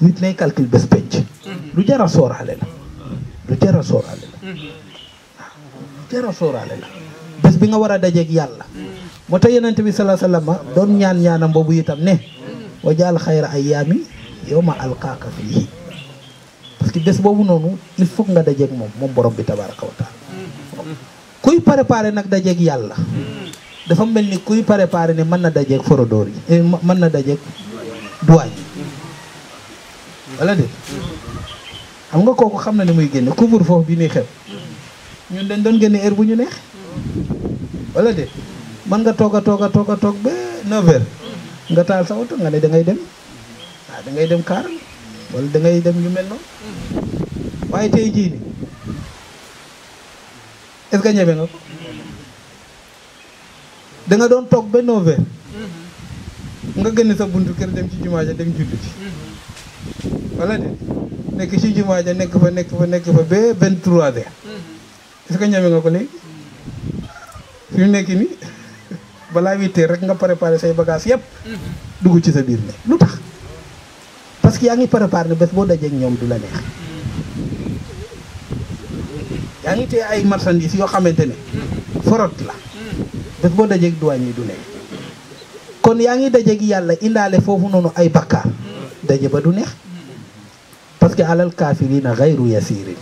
nit nay calcul bés penc lu jar a la lu jar a la bés bi nga war a dajeeg yàlla moo tax yonent bi salaa sallam doon ñaan ñaanam boobu itam ne wa jaal xayra ay yawma alqaaka fiihi parce que bés boobu noonu il faut nga dajeeg moom moom bi tabaaraka wa nag dajeeg yàlla dafa mel ni kuy préparé ne mën na dajeeg forodoor yi eh, mën na dajeeg du wala déet xam nga kooku xam na ni muy génne couvre foofu bi muy xew ñun dañ doon génne heure bu ñu neex wala déet mën nga toog a toog a toog a toog ba 9 nga taal sa oto nga ne da dem waaw ah, da dem kaar wala da dem yu mel noonu waaye tey jii nii est-ce nga ko da doon toog ba 9 nga gën sa buntu kër dem ci jumaaja dem jullu ci wala de nek ci jumaaja nek fa nek fa nek fa ba 23 trois mhm. est-ce que ñame nga ko léegi mhm. fi nek ni bala huit heures rek nga préparer say bagage yëpp mhm. duggu ci sa biir ne lutax parce que ya ngi préparer ne bés boo dajeeg ñoom du la neex yaa ngi téye ay marchandise yo xamante ne forot la bés boo dajeeg douane yi du neex kon yaa ngi daje gi yàlla indaale foofu noonu ay bakkaar daje ba du neex parce que alal kaafiriina xayru yasirin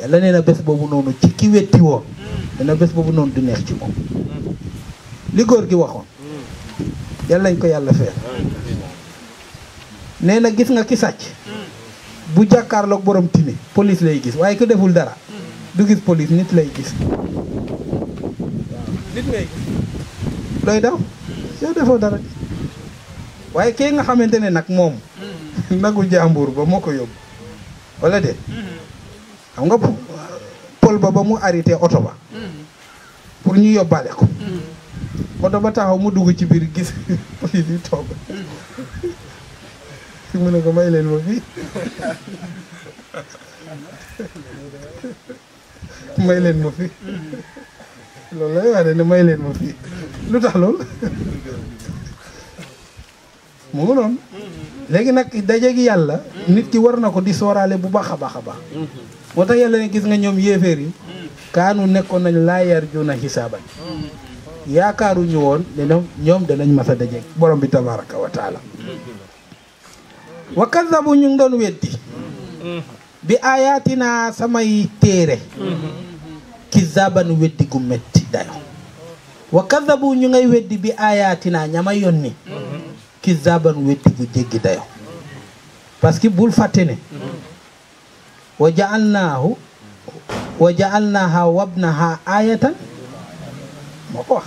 yàlla nee na bés boobu noonu ci ki wetti woon nee na bés boobu noonu du neex ci moom li góor gi waxoon yàlla nañ ko yàlla feer nee na gis nga ki sàcc bu jàkkaarloog borom timi police lay gis waaye ku deful dara du gis police nit lay gis looy daw yow defoo dara waaye kee nga xamante ne nag moom nagu jàmbur ba moo ko yóbbu walla de xam nga pol ba ba mu arrêté oto ba pour ñu yóbbaale ko oto ba taxaw mu dugg ci biir gis police yi mu ne ko may leen ma fii may leen ma fii loolu lay wax ne may leen ma fii lu tax lool mu ngi léegi nag dajeeg yàlla nit ki war na ko di sooraale bu baax a baax a baax moo tax yàlla ne gis nga ñoom yéeféer yi kaanu nekkoon nañ laa yarjuuna xisaaban yaakaaruñu woon ne ñoom danañ mas a dajeeg borom bi tabaraka wa taala wa kazabu ñu ngi doon weddi bi aayaatinaa samay téere kizaaban weddi gu metti dayo wa kadabu ñu ngay weddi bi aayaatinaa ñama yónni ki zaban weddi bu jéggi dayo parce que bul fàtte ne wa jaalnaahu wa jaalnaaha wabnaha aayatan moo wax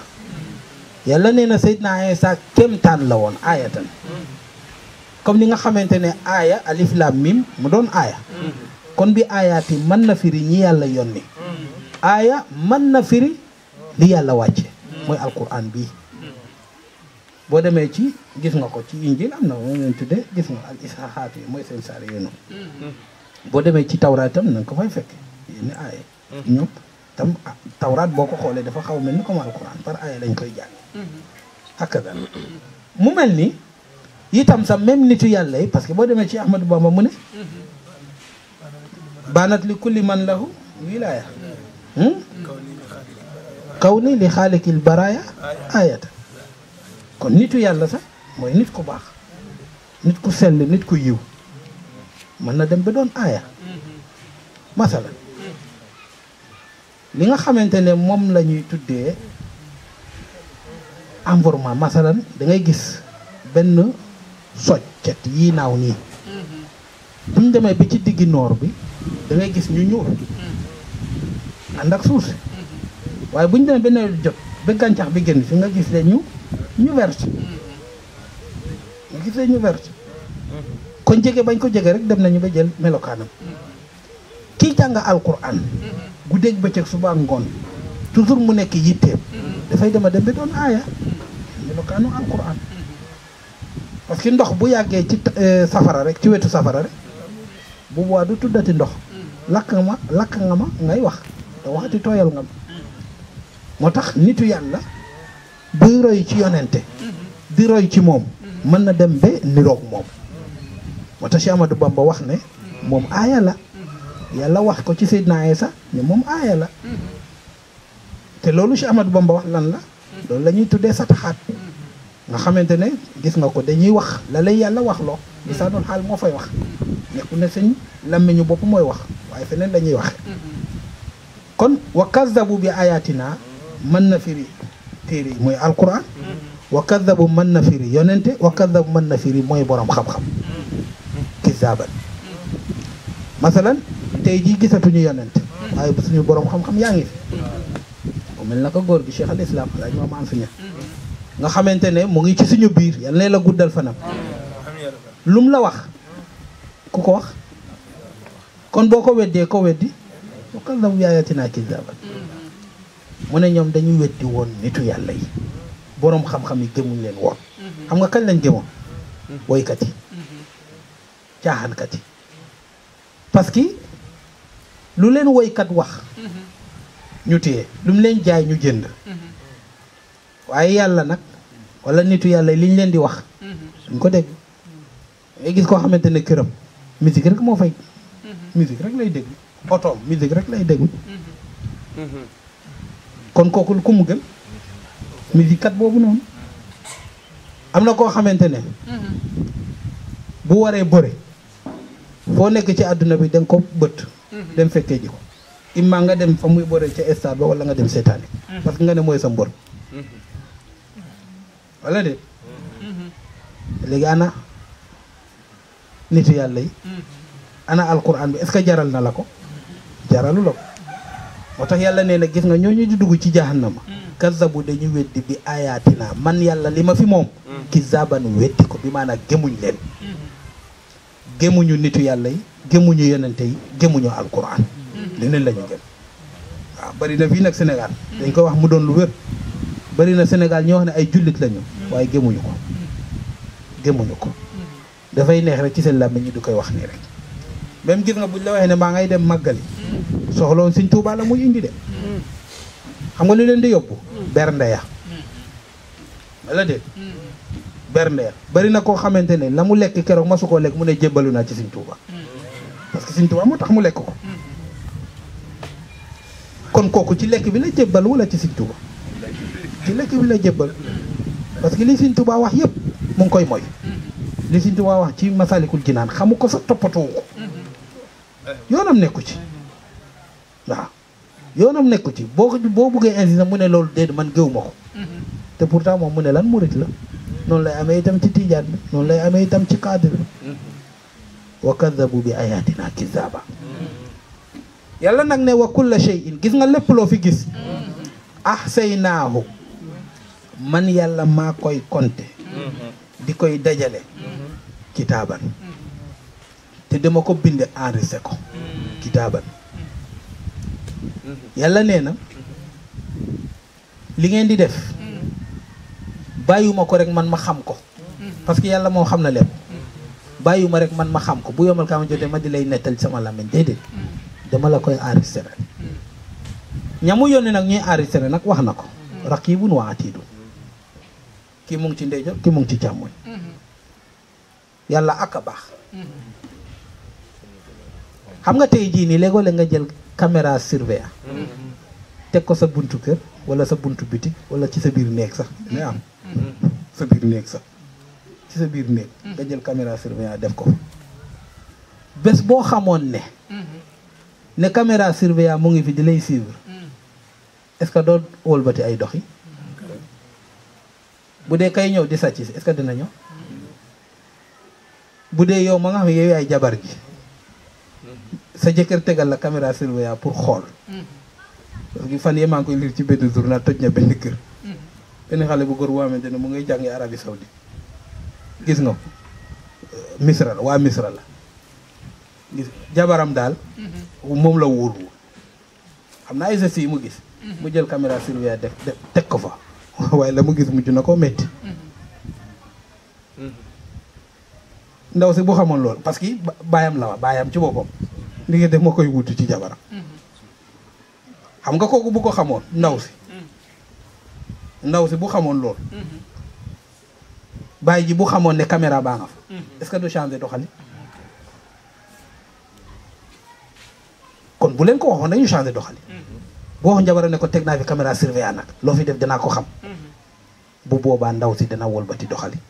yàlla nee na Seydina Isa kéemtaan la woon aayatan comme ni nga xamante ne aaya alif laam mim mu doon aaya kon bi aayaati mën na firi ñi yàlla yónni aaya mën na firi li yàlla wàcce mooy alquran bi boo demee ci gis nga ko ci injil am na leen tuddee gis nga al isaxaat yi mooy seen saar yéenu boo demee ci tawraat itam na nga ko fay fekk yénni aaye ñoom tam tawraat boo ko xoolee dafa xaw mel ni comme alquran par aaye lañ koy jàng ak mu mel ni itam sax même nitu yàlla yi parce que boo demee ci Ahmadou Bamba mu ne baanat li kulli man lahu wilaaya hmm? kawni li xaalikil baraaya ayata kon nitu yàlla sax mooy nit ku baax nit ku sell nit ku yiw mën na dem ba doon aaya masala li nga xamante ne moom la ñuy tuddee environnement masalan dangay gis benn soccet yi naaw nii buñ demee bi ci diggi noor bi dangay gis ñu ñuul ànd ak suuf waye buñu dem demee benn jot ba gantax bi genn fi nga gis le ñu ñu vert gis ñu vert ko jégué bañ ko jégué rek dem nañu ba jël melokanam ki jang alquran guddeeg bëccëg suba ak ngoon toujours mu nekk da fay dama dem be don aya melokanu alquran parce que ndox bu yagge ci euh, safara rek ci wetu safara rek bu boobaa du tuddati ndox lak nga ma lak nga ma ngay wax waxati toyal nga ma moo tax nitu yàlla buy roy ci yonente di roy ci moom mën na dem ba niroog moom moo tax Cheikh Amadou Bamba wax ne moom aaya la yàlla wax ko ci Seydina sax ne moom aaya la te loolu Cheikh Amadou Bamba wax lan la loolu la ñuy tuddee sataxaat nga xamante ne gis nga ko dañuy wax la lay yàlla wax loo lisaanul xaal moo fay wax nekku ne sëñ làmmiñu bopp mooy wax waaye feneen dañuy wax waxe kon wa kazabu bi naa من نفري تيري موي القران وكذب من نفري يوننت وكذب من نفري yonente بروم خم خم na مثلا تاي جي غيساتو ني يوننت masalan بو jii بروم yonente خم ياغي borom xam-xam yaa ngi fi bu mel na ko góor nga xamantene mo ngi ci suñu biir yalla ne la guddal fanam lum la wax ku ko wax kon boo ko ko weddi wa kaddabu yaayatinaa mu ne ñoom dañu weddi woon nitu yàlla yi boroom xam-xam yi gëmuñ leen woon mhm. xam nga kañ lañ gëmoon mhm. woykat yi mhm. caaxaankat yi parce que lu leen woykat wax ñu téye lu mu leen jaay ñu jënd waaye yàlla nag wala nitu yàlla yi liñ leen di wax luñ ko dégg ngay gis koo xamante ne këram musique rek moo fay musique rek lay déglu otoom musique rek lay déglu kon kooku ku mu gën musique boobu noonu am na koo xamante ne bu waree bëre foo nekk ci àdduna bi da ko bët dem fekkee ji ko imma nga dem fa muy bëre ci stade ba wala nga dem seetaani parce que nga ne mooy sa mbër wala de léegi ana nitu yàlla yi ana alquran bi est que jaral na la ko jaralu la ko moo tax yàlla nee na gis nga ñooñu di dugg ci jahannama kazabu dañu weddi bi naa man yàlla li ma fi moom ki zaban weddi ko bi maanaam gémuñ leen gémuñu nitu yàlla yi gémuñu yonente yi gémuñu alquran leneen la ñu gëm waaw bëri na fii nag Sénégal dañ ko wax mu doon lu wér bëri na Sénégal ñoo wax ne ay jullit lañu waaye gémmuñu ko gémuñu ko dafay neex rek ci seen làmmiñ ñu di koy wax nii rek même gis nga buñ la waxee ne maa ngay dem màggali soxlawoon sëñ Tuubaa la muy indi de xam nga lu leen di yóbbu mm. mm-hmm. mm-hmm. bernde ya bari na koo xamante ne la mu lekk keroog masu koo lekk mu ne jébbalu naa ci sëñ Tuubaa mm-hmm. parce que sëñ Tuubaa moo tax mu lekk ko kon kooku ci lekk bi la jébbal wala ci sëñ Tuubaa ci parce que li sëñ Tuubaa wax yépp mu ngi koy moy li sëñ Tuubaa wax ci Masaalikul Jinaan xamu ko sa toppatoo ko yoonam nekku ci waaw yoonam nekku ci boo ko boo bëggee insisté mu ne loolu déedéet man géew ma ko mm-hmm. te pourtant moom mu ne lan murit la noonu lay amee itam ci tiijaan bi noonu lay amee itam ci cadre bi mm-hmm. wa kadabu bi ayatina kizaba mm-hmm. yàlla nag ne wa la shay'in gis nga lépp loo fi gis ahsaynaahu man yàlla maa koy compter di koy dajale kitaaban te dama ko bind enregistré ko Yalla neena li ngeen di def bayuma ko rek man ma xam ko parce que yalla mo xam na lepp bayuma rek man ma xam ko bu yomal kam jote ma di lay netal sama làmmiñ déedéet dama la koy sere ñamu yónni nag ñuy enregistré nak wax nako ko raqibun wa atiidun ki mu ngi ci ndeyjo ki mu ngi ci càmmoñ yalla ak xam nga tay ji ni lego le nga jël Kamera surveillance teg ko sa buntu keur wala sa buntu boutique wala ci sa bir néeg sax ne am sa bir néeg sax ci sa bir néeg da jël caméra def ko bes bo xamone ne ne caméra surveillance mo ngi fi di lay suivre est-ce que doo wëlbati ay doxi budé kay ñew di est-ce dina ñew budé yow ma nga xam yow jabar gi sa jëkkër tegal la caméra surveillance pour xool parce mhm. que fan yee maa ngi koy liir ci benn journal toj na benn kër mhm. benn xale bu góor boo xamante ne mu ngay jàngi Arabie Saoudite gis nga ko misra la waa misra la jabaram daal mhm. moom la wóolu xam naa ay gestes mu gis mu jël caméra surveillance def teg ko fa waaye la mu gis mujj na koo metti ndaw si bu xamoon loolu parce que baayam la wa baayam ci boppam li nga def ma koy wuti ci jabaram mm-hmm. xam nga kooku bu ko xamoon ndaw si mm-hmm. ndaw si bu xamoon loolu mm-hmm. bàyyi ji bu xamoon ne caméra baa nga fa est-ce que du changé doxalin kon bu leen ko waxoon dañu changé doxalin boo wax njabaram ne ko teg naa fi caméra surveillée nag loo fi def dinaa ko xam bu boobaa ndaw si dana wolbati doxalin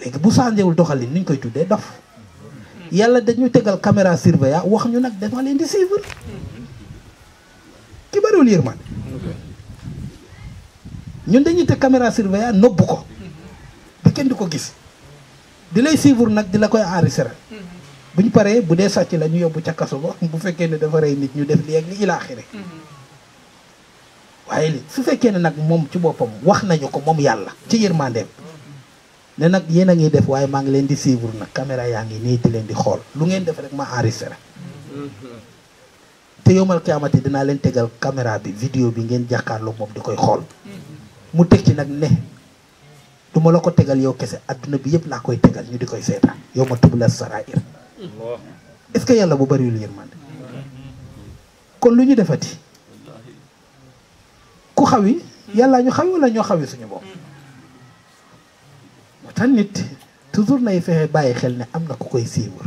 léegi bu changé wul doxalin ni koy tuddee dof yàlla dañu tegal caméra surveillance wax ñu nag dama leen di suivre ki bariwul yërmande ñun dañuy teg caméra surveillance nobbu ko ba kenn du ko gis di lay suivre nag di la koy enregistré bu ñu paree bu dee sàcc la ñu yóbbu ca kaso ba bu fekkee ne dafa rey nit ñu def li ak li ilaaxire waaye li su fekkee ne nag moom ci boppam wax nañu ko moom yàlla ci yërmandeem ne nag yéen a ngi def waaye maa ngi leen di suivre nag caméra yaa ngi nii di leen di xool lu ngeen def rek ma enregistré te ma kiamati danaa leen tegal caméra bi vidéo bi ngeen jàkkaarloo moom di koy xool mu teg ci nag ne du ma la ko tegal yow kese adduna bi yëpp laa koy tegal ñu di koy seetaan yow ma tubla sarair est-ce que yàlla bu bariwul yërmande kon lu ñu defati ku xawi yàlla ñu xawi wala ñoo xawi suñu bopp moo tax nit toujours nay fexe bàyyi xel ne am na ko koy siiwur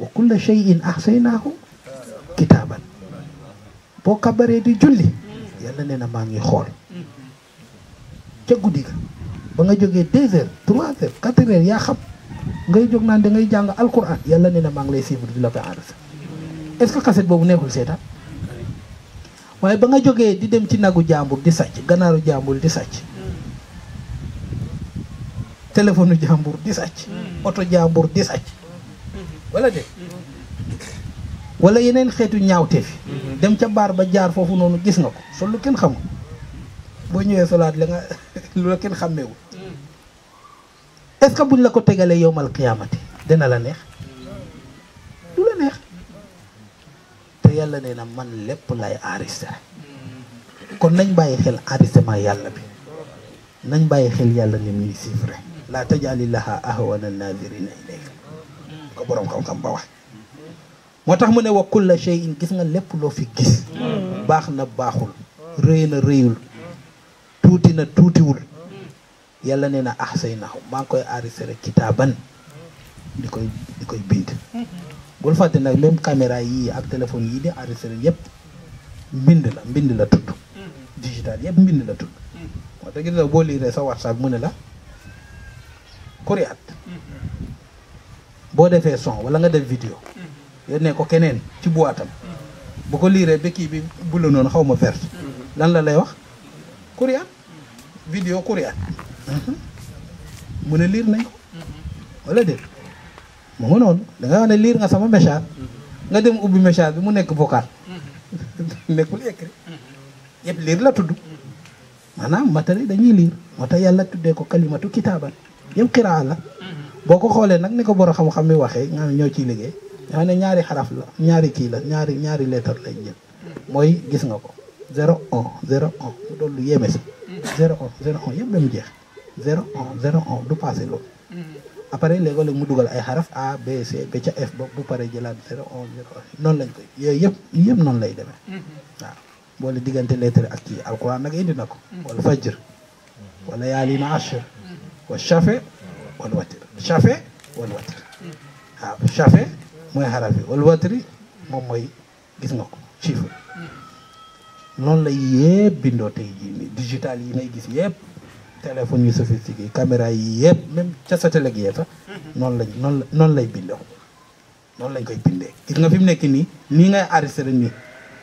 wa kulla shay'in ahsaynaahu kitaaban boo kabaree di julli yàlla nee na maa ngi xool ca guddi ga ba nga jógee deux heures trois heures yaa xam ngay jóg naa da ngay jàng alquran yàlla nee na maa ngi lay siiwur di la koy enregistré est-ce que cassette boobu nekkul seetaan waaye ba nga jógee di dem ci nagu jàmbur di sàcc ganaaru jàmbur di sàcc téléphone jàmbur di sàcc hmm. oto jàmbur di sàcc hmm. wala de wala yeneen xeetu ñaawteef yi hmm. dem ca baar ba jaar foofu noonu gis nga ko sol lu kenn xamul boo ñëwee solaat la nga lu la kenn xàmmeewul est-ce que buñ la ko tegalee yowmal qiyaamati dina la neex du la neex te yàlla nee na man lépp lay enregistré kon nañ bàyyi xel enregistrement yàlla bi nañ bàyyi xel yàlla ni muy chiffré laa tajalilaha ahwana nadirina ilayka ko boroom moo tax mu ne wa kulla shay'in gis nga lépp loo fi gis baax na baaxul rëy na rëyul tuuti na tuutiwul yàlla nee na ahsay nahu maa ngi koy enregistré kitaaban di koy di koy bind bul fàtte nag même caméra yi ak téléphone yii di enregistré yëpp mbind la mbind la tudd digital yëpp mbind la tudd moo tax gis nga boo liiree sa whatsapp mu ne la kuriat mm-hmm. boo defee son wala nga def vidéo mm-hmm. ne ko keneen ci buwaatam mm-hmm. bu ko liiree ba kii bi bu la noonu xaw ma verte lan la lay wax kuriat vidéo kuriat mu ne liir nañ ko wala déet mu nga noonu da nga ne liir nga sama message nga dem ubbi message bi mu nekk vocal nekkul écrit yëpp liir la tudd maanaam matari dañuy liir moo tax yàlla tuddee ko kalimatu kitaaban yëpp kiraa la boo ko xoolee nag ni ko borom xam-xam mi waxee nga ñoo ciy liggéey nga xam ne ñaari xaraf la ñaari kii la ñaari ñaari lettre lañ jël mooy gis nga ko zéro un zéro un mu doon lu yéeme si zéro un zéro un yëpp ba jeex zéro un zéro un du passé loolu après léeg mu dugal ay xaraf A B C ba ca F ba bu paree jëlaat zéro un zéro noonu lañ ko yooyu yëpp yëpp noonu lay demee waaw boole diggante lettre ak kii alquran nag indi na ko wala fajr wala yaa lii na ashir والشافع والوتر الشافع والوتر waaw shafee mooy xaraf yi wal moom mooy gis nga ko chiffre noonu la yëpp bindoo tey digital yi ngay gis yëpp téléphone yu sophistiqué camera yi yëpp même ca satellite yee sax noonu la noonu lay bindoo noonu lañ koy bindee gis nga fi mu nekk nii nii ngay enregistré nii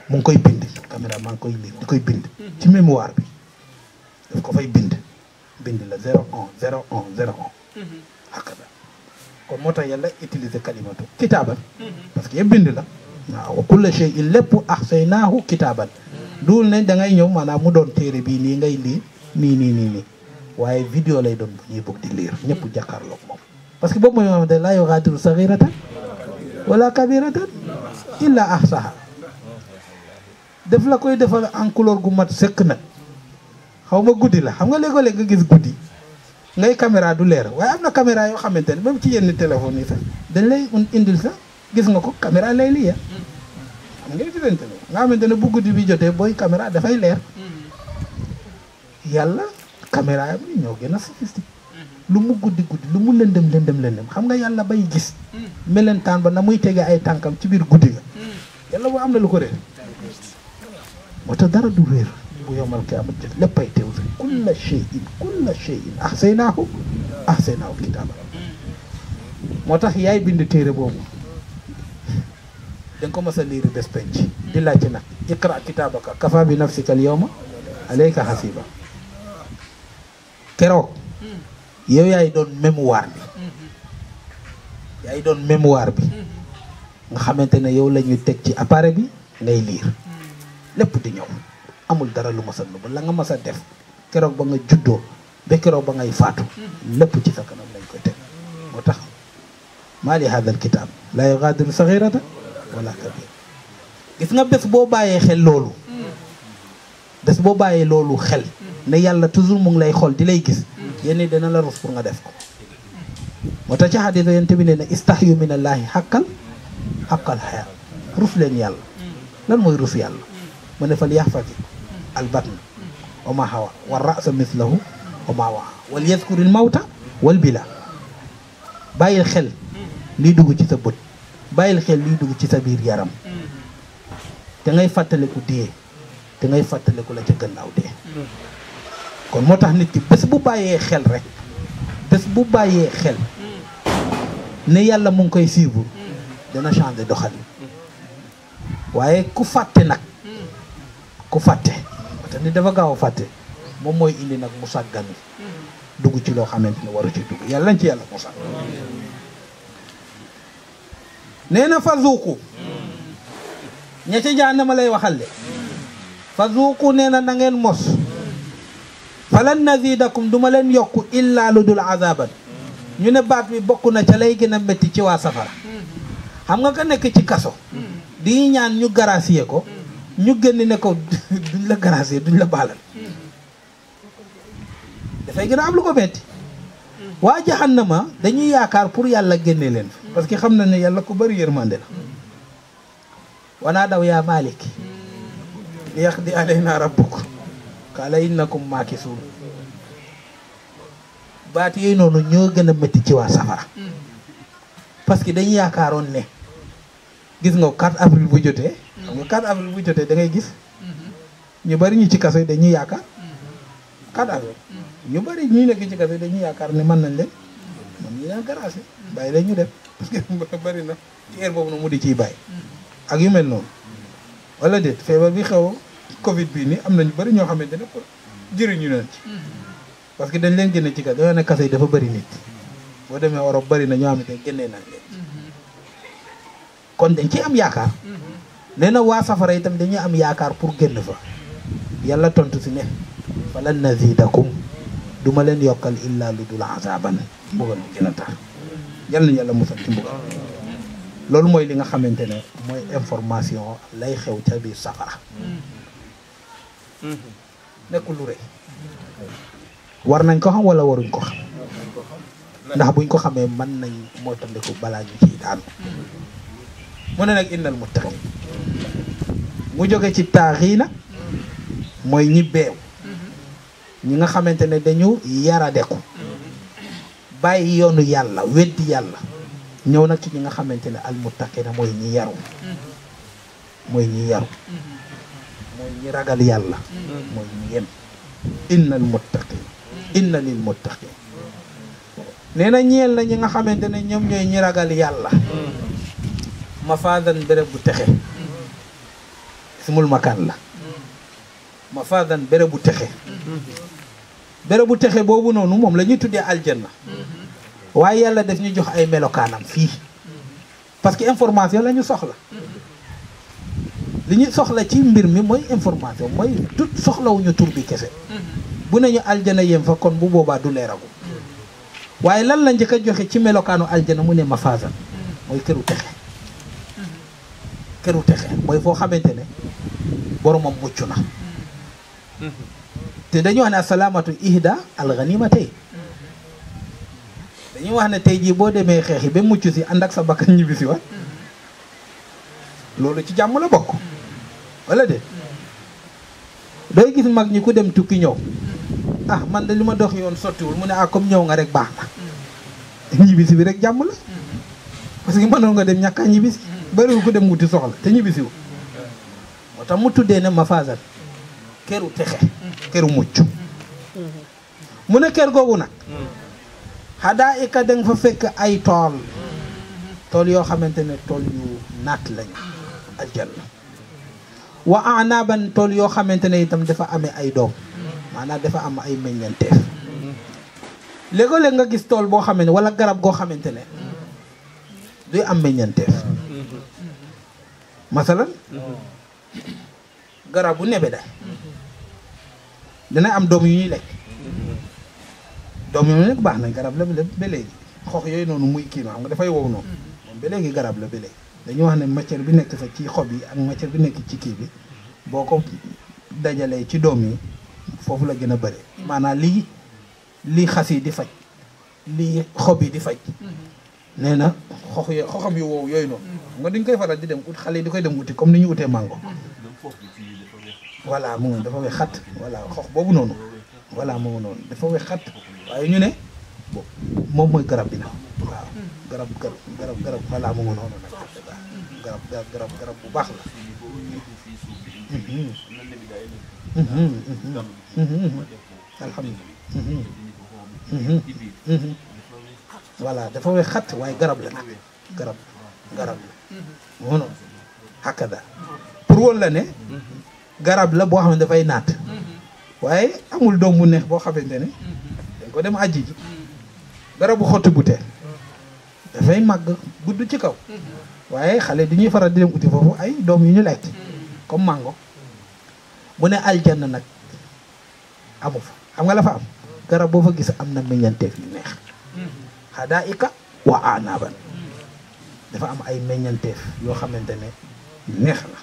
mu ngi koy bind caméra maa ngi koy koy bind ci mémoire bi daf ko fay bind bind la 01 01 01. hakada kon moo tax yàlla utiliser kalimatu kitaaban. Mhm. parce que yëpp bind la. waaw wa kulla shay'in lépp ahsaynaahu kitaaban. Mhm. duul ne da ñëw maanaam mu doon téere bii nii ngay lii nii nii nii nii waaye vidéo lay doon bu ñuy bëgg di lire ñëpp jàkkaarloog moom. parce que boobu mooy xamante ne laa yuxaadiru wala kabiratan illa ahsaha def la koy defal en gu mat sëkk nag. xaw nga guddi la xam nga léegoo-léeg nga gis guddi ngay caméra du leer waaye am na caméra yoo xamante ne même ci yenn téléphone yi sax dañ lay indil sax gis nga ko caméra lay lii nga xamante ne bu guddi bi jotee booy caméra dafay leer yàlla camera yam ni ñoo gën a lu mu guddi guddi lu mu lëndëm lëndëm lëndëm xam nga yàlla bay gis melentaan ba na muy tege ay tànkam ci biir guddi ga hmm. yàlla boo am na lu ko réer moo tax dara du wéer bu yowmal qiyaamati léppay teew fi kulla shay'in kulla shay'in ahsaynaahu ahsaynaahu kitaaba moo tax yaay bind téere boobu da ko mos a liir bés penc di laajte nag iqra kitaabaka kafa bi nafsika al yawma alayka hasiba keroog yow yaay doon mémoire bi yaay doon mémoire bi nga xamante ne yow la teg ci appareil bi ngay liir lépp di ñëw amul dara lu ma sa nëbb la nga ma sa def kérok ba nga juddo be kérok ba ngay faatu lépp ci sa kanam lañ ko tek motax tax maa li haadal kitaab laa yugaadiru saxiirata wala kabir gis nga bés bo baye xel lolu bés bo baye lolu xel ne yàlla toujours mu ngi lay xol dilay gis yene dana la rus pour nga def ko motax ci hadith yent bi ne istahyu min allah haqqan haqqal haya ruf len yàlla lan moy ruf yàlla mo ne fal yaxfati البطن وما هو والرأس مثله وما هو وليذكر الموت والبلا باي الخل لي دوغ سي سبوت باي الخل لي دوغ سي سبير يارام تا فاتلكو دي تا فاتلكو لا تي غناو دي كون موتاخ نيت بس بو باي خل رك بس بو باي خل ني يالا مون كاي سيبو دا نا شاندي دوخالي waye ku faté nak ku faté te nit dafa gaaw a fàtte moom mooy indi nag mu sàggani dugg ci loo xamante ne waru ci dugg yàlla nañ ci yàlla musal nee na fa zuuku ña ca lay waxal de fa zuuku nangeen na na ngeen mos falan nazidakum duma leen yokk illaa lu dul azaban ñu ne baat mi bokk na ca lay gën a métti ci waa safara xam nga ka nekk ci kaso di ñaan ñu gracier ko ñu génn ne ko duñ la gracier duñ la baalal dafay gën a am lu ko metti waa na ma dañuy yaakaar pour yàlla génne leen parce que xam na ne yàlla ko bari yërmande la wanaa daw yaa malik li yaqdi alayna rabbuk qaala innakum maakisuun baat yooyu noonu ñoo gën a métti ci waa safara parce que dañu yaakaaroon ne gis nga 4 avril bu jotee xam nga 4 avril bu jotee da ngay gis ñu bari ñu ci kaso yi dañuy yaakaar 4 avril ñu bari ñuy nekk ci kaso yi dañuy yaakaar ne mën nañ leen mën ñu leen garaase bàyyi leen ñu def parce que bari na ci heure boobu na mu di ciy bàyyi ak yu mel noonu wala déet feebar bi xew covid bii nii am nañu bari ñoo xamante ne jëriñu leen parce que dañ leen génne ci kaso dañoo ne kaso yi dafa bari nit boo demee Europe bari na ñoo xamante ne génnee nañ leen kon dañ ci am yaakaar nee na waa safara tam dañuy am yaakaar pour génn fa yàlla tontu si ne falan nazidakum du leen yokkal illaa lu dul azaban mbugal mu gën a tar yàlla yàlla musal ci mbugal mooy li nga xamante ne mooy information lay xew ca biir safara nekkul lu rëy war nañ ko xam wala waruñ ko xam ndax buñ ko xamee mën nañ moo tandiku balaa ñu ciy daanu mu ne nag innal muttaqin mu jóge ci nag mooy ñi beew ñi nga xamante ne dañu yaradeku bàyyi yoonu yàlla weddi yàlla ñëw nag ci ñi nga xamante ne al muttaqina mooy ñi yaru mooy ñi yaru mooy ñi ragal yàlla mooy ñi yem innal muttaqin inna lil muttaqin nee na ñeel na ñi nga xamante ne ñoom ñooy ñi ragal yàlla mafaadan béréb bu texe ismul makaan la mafaadan béréb bu texe béréb bu texe boobu noonu moom la ñuy tuddee aljanna waaye yàlla def ñu jox ay melokaanam fii parce que information la soxla li ñu soxla ci mbir mi mooy information mooy tut soxlawuñu tur bi kese bu nañu aljana yem fa kon bu boobaa du leeragu waaye lan la njëkk a joxe ci melokaanu aljana mu ne mafaasan mooy këru texe këru texe mooy foo xamante ne boromam mucc na mm-hmm. te dañu wax ne asalaamatu ihda alganima tey mm-hmm. dañuy wax ne tey jii boo demee xeex yi ba mucc si ànd ak sa bakkan ñibbi si wa mm-hmm. loolu ci jàmm la bokk wala de dooy gis mag ñi ku dem tukki ñëw ah man de li ma dox yoon sottiwul mu ne ah comme ñëw nga rek baax na ñibbisi bi rek jàmm la parce que mënoon nga dem ñàkkaa ñibbisi bëriwul ko dem wuti soxla te ñibbisiwu moo tax mu tuddee ne mafaasan këru texe këru mucc mu ne kër googu nag xadaa ika danga fa fekk ay tool tool yoo xamante ne tool yu naat lañu aljanna wa anaban tool yoo xamante ne itam dafa ame ay doom maanaa dafa am ay meññanteef léegoo-léeg nga gis tool boo xamante ne walla garab goo xamante ne duy am meññanteef masalan garab bu nebe da dina am doom yu ñuy lekk doom yooyu nag baax na garab la ba léegi xox yooyu noonu muy kii xam nga dafay wow noonu moom ba léegi garab la ba léegi dañuy wax ne matière bi nekk sa ci xob yi ak matière bi nekk ci kii bi boo ko dajalee ci doom yi foofu la gën a bëri maanaam lii lii xas yi di faj lii xob yi di faj nee na xox yo xoxam yu woow yooyu noonu nga duñ koy faral di dem ut xale yi di koy dem wuti comme ni ñu utee mango voilà mu ngi dafa wex xat voilà xox boobu noonu voilà mu ngi noonu dafa wex xat waaye ñu ne bo moom mooy garab bi na waaw garab garab garab garab voilà mu garab garab garab garab bu baax la alhamdulilah voilà dafa weex xat waaye garab la nag garab garab la mono hakada pour woon la ne garab la boo xam ne dafay naat waaye amul doom bu neex boo xamante ne dañ ko dem aji ji garabu xotti bute dafay màgg gudd ci kaw waaye xale du ñuy faral di dem uti foofu ay doom yu ñu lekk comme mango bu ne aljanna nag amu fa xam nga la fa am garab boo fa gis am na meññanteef yu neex hadaika wa anaaban dafa am ay meññanteef yoo xamante ne neex la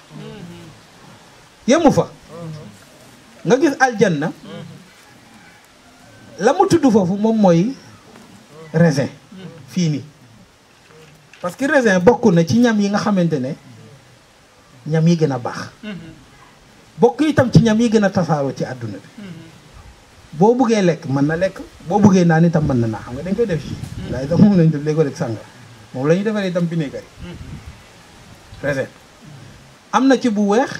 yemu fa nga gis aljanna la mu tudd foofu moom mooy raisin fini parce que raisin bokk na ci ñam yi nga xamante ne ñam yi gën a baax mhm. bokk itam ci ñam yi gën a ci aduna bi mhm. boo buggee lekk mën na lekk boo buggee naan itam mën na naa xam nga dañ koy def ji hmm. ndax itam moom lañ def léegi rek sànga moom la ñuy defaree itam bineegar yi raisin am na ci bu weex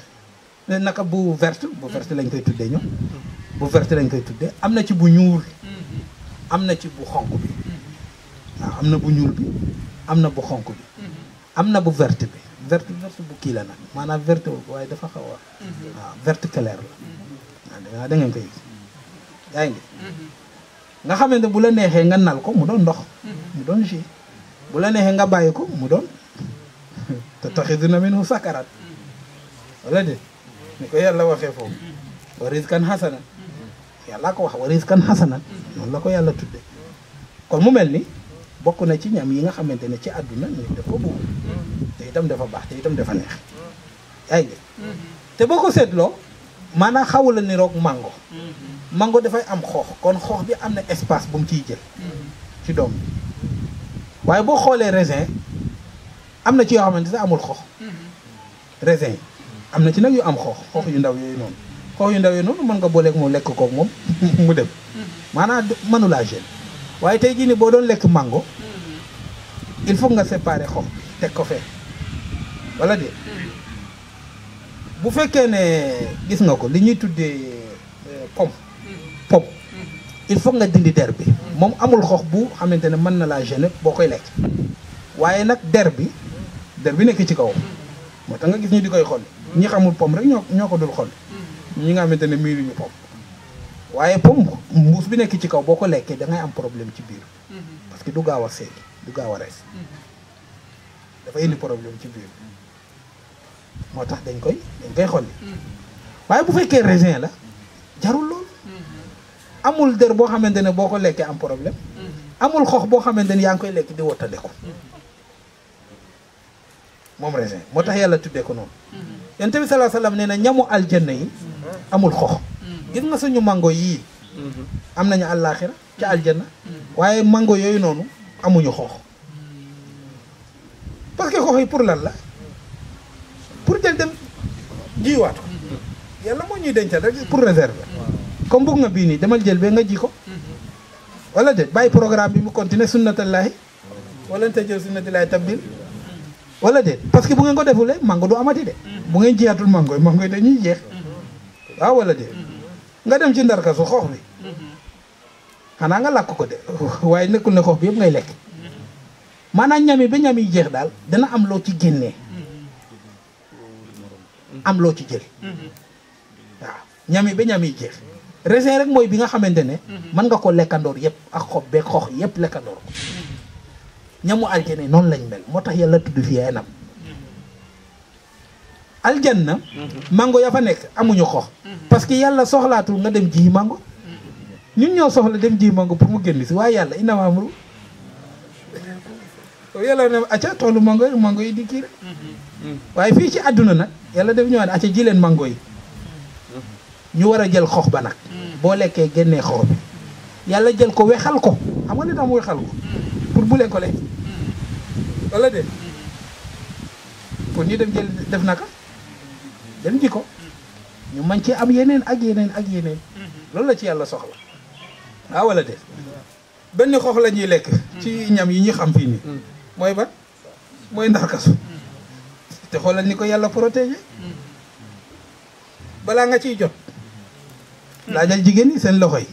eh, naka bu verte bu hmm. verte lañ koy tuddee ñoom hmm. bu verte lañ koy tuddee am na ci bu ñuul am na ci bu xonq bi waaw am na bu ñuul bi am na bu xonq bi am na bu verte bi verte verte bu kii la nag maanaam verte waaye dafa xaw a waaw verte clair la waaw da ngeen koy gis yaa ngi nga xamante bu la neexee nga nal ko mu doon ndox mu doon jus bu la neexee nga bàyyi ko mu doon te taxiduna minhu sakaraat wala de ni ko yàlla waxee foofu wa riskan xasana yàlla ko wax wa riskan xasana la ko yàlla tudde kon mu mel ni bokk na ci ñam yi nga xamante ne ci àdduna nit dafa bëgg te itam dafa baax te itam dafa neex yaa ngi te boo ko seetloo maanaam xawala ni roog mango mango dafay am xoox kon xoox bi am na espace bu mu ciy jël ci doom waaye boo xoolee raisin am na ci yoo xamante ne amul xoox am na ci nag yu am xoox xoox yu ndaw yooyu noonu xoox yu ndaw noonu mën nga booleek moom lekk koog moom mu dem maanaam mënulaa gêne waaye tey jii ni boo doon lekk mango il faut nga séparer xoox teg ko fee wala de mm-hmm. bu fekkee ne gis nga ko li ñuy tuddee il faut nga dindi der bi moom amul xox bu xamante ne mën na laa gêner boo koy lekk waaye nag der bi der bi nekk ci kaw moo tax nga gis ñu di koy xolli ñi xamul pom rek ñoo ñoo ko dul xolli ñi nga xamante ne miiruñu pom waaye pom mbuus bi nekk ci kaw boo ko lekkee da am problème ci biir parce que du gaaw a seegi du gaaw a rees dafa indi problème ci biir moo tax dañ koy dañ koy xolli mm. waaye bu fekkee résin la jarul amul dër boo xamante ne boo ko lekkee am problème mm-hmm. amul xox boo xamante ne yaa ngi koy lekk di wattandiku moom raisin moo tax yàlla tuddee ko noonu mm-hmm. yonent bi salaa nee na ñamu aljanna yi mm-hmm. amul xox gis nga suñu mango yii am nañu àllaaxira ca aljanna waaye yooyu noonu amuñu xoox parce que yi pour lan la pour jël dem jiwaat ko yàlla moo ñuy dencal rek pour réserve comme bëgg nga bii nii demal jël bee nga ji ko mhm. wala de bàyyi programme bi mu continuer sunnatallahi walla te jël sunnatallahi tabdil mhm. wala de parce que bu ngeen ko defule mango du amati de mhm. bu ngeen jiyatul mango yi mango yi dañuy jeex waaw wala de nga dem ci ndarka su xoox bi xanaa nga làkk ko de waaye nekkul ne xoox bi yëpp ngay lekk maanaam ñami ba ñami jeex daal dana am loo ci génnee am loo ci jël waaw ñami ba ñami jeex raisin rek mooy bi nga xamante ne. Mhm. mën nga ko lekkandoor yëpp ak xob beeg xox yëpp lekkandoor ko. Mhm. ñamu aljanna noonu lañ mel moo tax yàlla tudd fii ay nam. Mhm. aljanna. mango ya fa nekk amuñu xox. parce que yàlla soxlaatul nga dem ji mango. ñun ñoo soxla dem ji mango pour mu génn si waaye yàlla inna amru yàlla ne acca toolu mango yi mango yi di kii rek. waaye fii ci àdduna nag yàlla def ñëwaat acca ji leen mango yi. ñu war a jël xox ba nag mm. boo lekkee génnee xox bi yàlla jël ko wexal ko xam nga li tax mu wexal ko mm. pour bu leen ko lekk walla mm. de pour ñu dem jël def naka dem ji ko ñu man ci am yeneen ak yeneen ak yeneen mm-hmm. loolu la ci yàlla soxla waa wala de benn xox la ñuy lekk ci ñam yi ñu xam fii nii mooy ba mooy ndarkasu te xoolal ni ko yàlla protégé balaa nga ciy jot laa laajal jigéen ñi seen loxo yi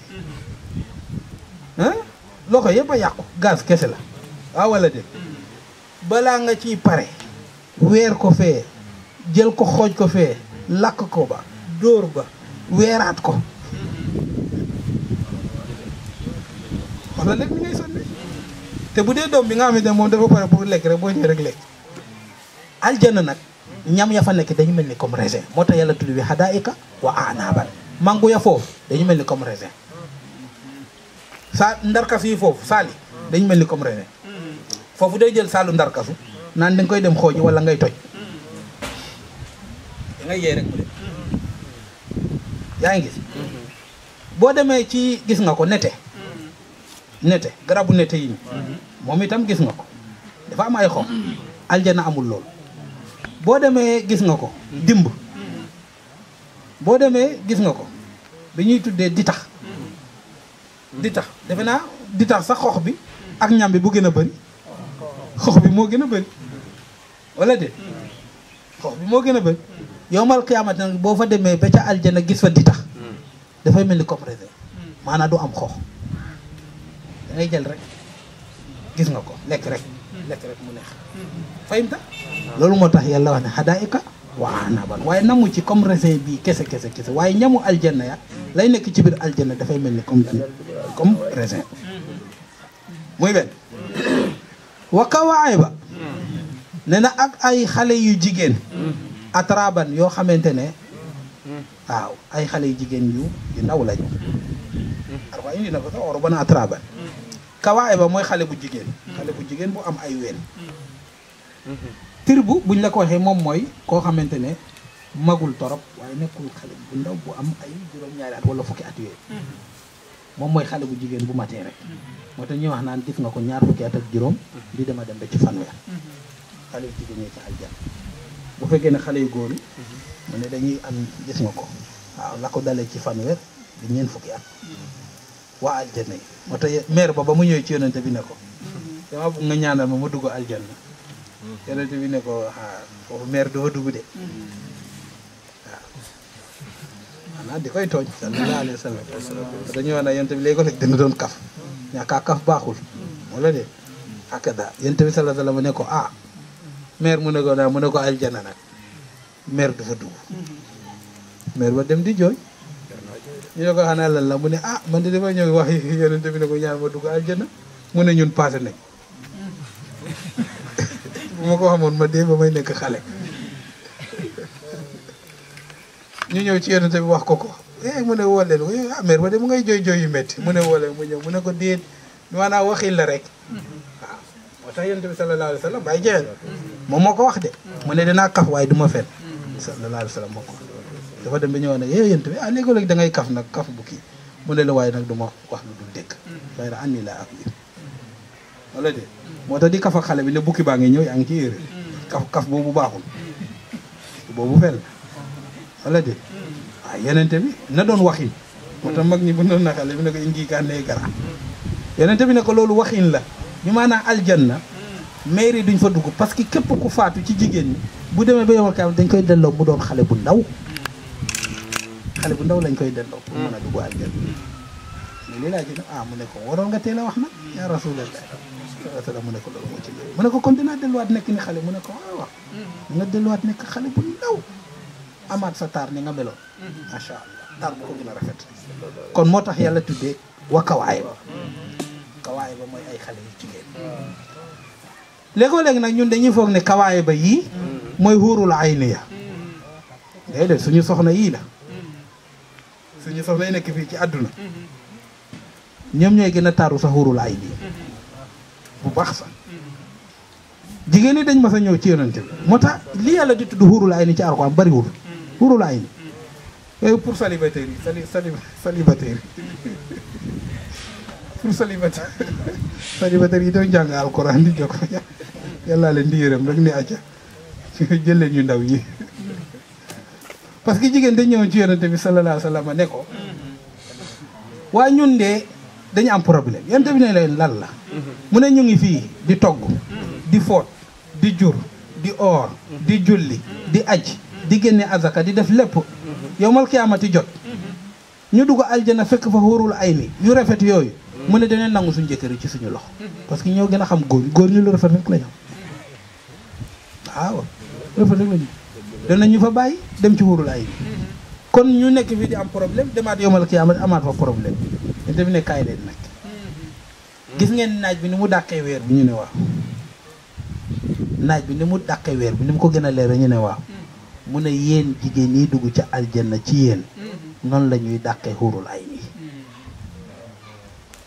loxo yëpp a yàqu gas kese la waaw ah, wala de balaa nga ciy pare weer ko fee jël ko xooj ko fee lakk ko ba dóor ba weeraat ko wax la lépp mi ngay sonni te bu dee doom bi nga xamante ne moom dafa pare pour lekk rek boo ñëwee rek lekk aljana nag ñam yaa fa nekk dañu mel ni comme raisin moo tax yàlla tudd bi xadaaiqa wa anaaban mangu ya foofu dañu mel ni comme raisin saa ndarkasu yi foofu mel ni comme raisin day jël saalu ndarkasu naan da koy dem xooji wala ngay toj da ngay yee rek mu ngi gis boo demee ci gis nga ko nete nete garabu nete yi moom itam gis nga ko dafa am ay xob aljana amul lool boo demee gis nga ko dimb boo demee gis nga ko bi ñuy tuddee ditax tax di tax defe naa ditax sax xox bi ak ñam bi bu gën a bëri xox bi moo gën a bëri wala de xox bi moo gën a bëri yowmal qiyaamati nag boo fa demee ba ca aljana gis fa di tax dafay mel ni comme maanaa du am xoox da ngay jël rek gis nga ko lekk rek lekk rek mu neex fahimta loolu moo tax yàlla wax ne xadaayika wa anaban waaye namu ci comme raisin bii kese kese kese waaye ñamu aljanna ya lay nekk ci biir aljanna dafay mel ni comme comme raisin muy benn wakawaay ba ne na ak ay xale yu jigéen atraban yoo xamante ne waaw ay xale yu jigéen yu yu ndaw lañu arba indi na ko sax oro bana atraban kawaay ba mooy xale bu jigéen xale bu jigéen bu am ay ween tirbu buñ la ko waxee moom mooy koo xamante ne magul torop waaye nekkul xale bu ndaw bu am ay juróom-ñaari at wala fukki at yooyu mm-hmm. moom mooy xale bu jigéen bu matee rek mm-hmm. moo tax ñuy wax naan gis nga ko ñaar fukki juróom dema dem ba ci fanweer mm-hmm. xale yu jigéen ñi ci fekkee ne xale yu góor yi mu ne am gis nga ko waaw la ci fanweer di ñeent fukki at waa aljanna yi moo ba mu ñëwee ci yonente bi ne ko dama bëgg nga ñaanal ma ma dugg aljanna yonent bi ne ko ah foofu meer dafa dugg de waaw maanaam di koy tooñ sallallahu alayhi wa sallam dañu wax nag yonent bi léegi ko nekk dina doon kaf ñàkkaa kaf baaxul wala de ak da yonent bi sallallahu alayhi ne ko ah meer mu ne ko mu ne ko aljana nag meer dafa dugg meer ba dem di jooy ñu ne ko xanaa lan la mu ne ah man de dama ñëw wax yonent bi ne ko ñaan ma dugg aljana mu ne ñun passé nañ bu ko xamoon ma dee ba may nekk xale ñu ñëw ci yonent bi wax ko ko eh mu ne woo leen eh, ba mu ngay jooy jooy yu métti mu ne woo leen mu ñëw mu ne ko déet maanaam waxil la rek moo tax yonent bi sallallahu alayhi wa sallam bàyyi jël moom moo ko wax de mu ne dinaa kaf waaye du ma fen sallallahu alayhi wa sallam moo ko dafa dem ba ñëwoon ne eh yonent bi ah léegi-léegi da ngay kaf nag kaf bu kii mu ne la waaye nag du ma wax lu dul dëgg xëy na andi laa ak wala déet moo tax di kaf ak xale bi ne bukki baa ngi ñëw yaa ngi ci yére mm. kaf kaf boobu baaxul boobu fel wala de mm. waaw yenente bi na doon waxin moo tax mag ñi bu doon na xale bi ne ko indi kaan mm. ne gara loolu waxin la ñu maanaam aljanna mairie duñ fa dugg parce que képp ku faatu ci jigéen ñi bu demee ba yomal kaam dañ koy delloo mu doon xale bu ndaw xale bu ndaw lañ koy delloo pour mën a dugg aljanna laa ah, mu ne ko waroon nga teel a wax nag yaa rasulallah mu ne ko loolu moo ci njëriñ mu ne ko kon dinaa delluwaat nekk ni xale mu ne ko waaw waaw mm-hmm. nga delluwaat nekk xale bu ndaw amaat sa taar ni nga meloon mm-hmm. macha allah taar bu ko gën a rafet kon moo tax yàlla tuddee wa kawaay ba mm-hmm. kawaay ba mooy ay xale yu jigéen léegoo-léegi nag ñun dañuy foog ne kawaay ba yii mooy xuurul ayni ya déedéet suñu soxna yii la suñu soxna yi nekk fii ci àdduna ñoom ñooy gën a taaru sa xuurul ayni bu baax sax jigéen ñi dañ mas a ñëw ci yonante bi moo tax li yàlla di tudd xuurul ay ni ci Alxuraan bariwul xuurul ay ni yooyu eh, pour célibataire yi sali sali célibataire pour célibataire jàng Alxuraan di jox yàllaa leen di yërëm rek ni acca jël leen ñu ndaw ñi parce que jigéen dañ ñëwoon ci yonante bi sallallahu alayhi wa sallam ne waa ñun de dañu am problème yéen def ne leen lan la mu ne ñu ngi fii di togg di foot di jur di oor di julli di aj di génne azaka di def lépp yow mal amati jot ñu dugg aljana fekk fa xóorul ay ni yu rafet yooyu mu ne danañ nangu suñu jëkkër yi ci suñu loxo parce que ñoo gën a xam góor góor ñu lu rafet rek la ñu waaw rafet rek la ñu danañ ñu fa bàyyi dem ci xóorul ay ni kon ñu nekk fii di am problème demaat yomal ki amaat fa problème yéen tamit ne kaay leen nag mm-hmm. gis ngeen naaj bi ni mu dàqee weer bi ñu ne waaw naaj bi ni mu dàqee weer bi ni ko gën a leer ñu ne waaw mm-hmm. mu a yéen jigéen ñi dugg ca aljanna ci yéen mm-hmm. noonu la ñuy dàqee xuurul ay nii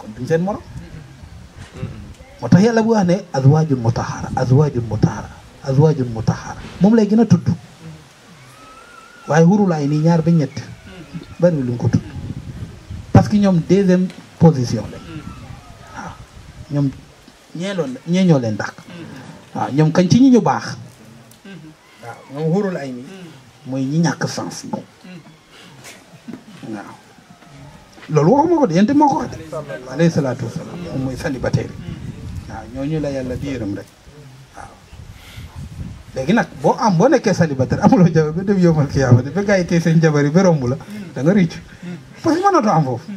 kon duñ seen morom moo tax yàlla bu wax ne azwaajun mutahara azwaajun mutahara azwaajun mutahara moom lay gën a tudd waaye wurulaay nii ñaar ba ñett bari luñ ko parce que ñoom deuxième position lañ waaw ñoom ñeeloon ñee ñoo leen dàq waaw ñoom kañ ci ñi ñu baax waaw ñoom wurulaay nii mooy ñu ñàkk sens yi waaw loolu waxuma ko de yente moo ko wax de alayhi salaatu wasalaam moom mooy célibataire waaw ñooñu la yàlla di yërëm rek léegi nag boo am boo nekkee célibataire amuloo jabar ba dem yombal xiyaama ba gars yi tey seen jabar yi ba romb la danga nga ricc parce que mënatoo am foofu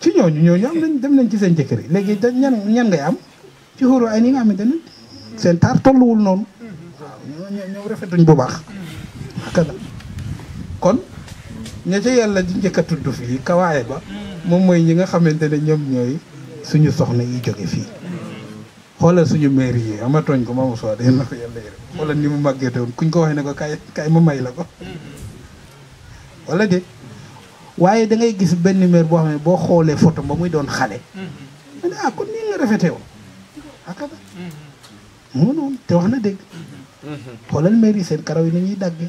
ci ñooñu ñooñu am nañ dem nañ ci seen jëkkër yi léegi da ñan ñan ngay am ci xóoru ay ni nga xamante ne seen taar tolluwul noonu waaw ñoo rafetuñ bu baax akada kon ña ca yàlla di njëkk a tudd fii kawaaye ba moom mooy ñi nga xamante ne ñoom ñooy suñu soxna yi jóge fii xoolal suñu mairie yi ama tooñ ko maamu soo dee na ko yàlla yërëm mm-hmm. xoolal ni mu màggee woon kuñ ko waxee ne ko kaay kaay ma may la ko mm-hmm. wala de waaye da gis benn maire boo xam ne boo xoolee photo ba muy doon xale mm-hmm. ma ne ah kon nii woon ah, te wax na dëgg xoolal maire yi seen karaw yi na ñuy dàggee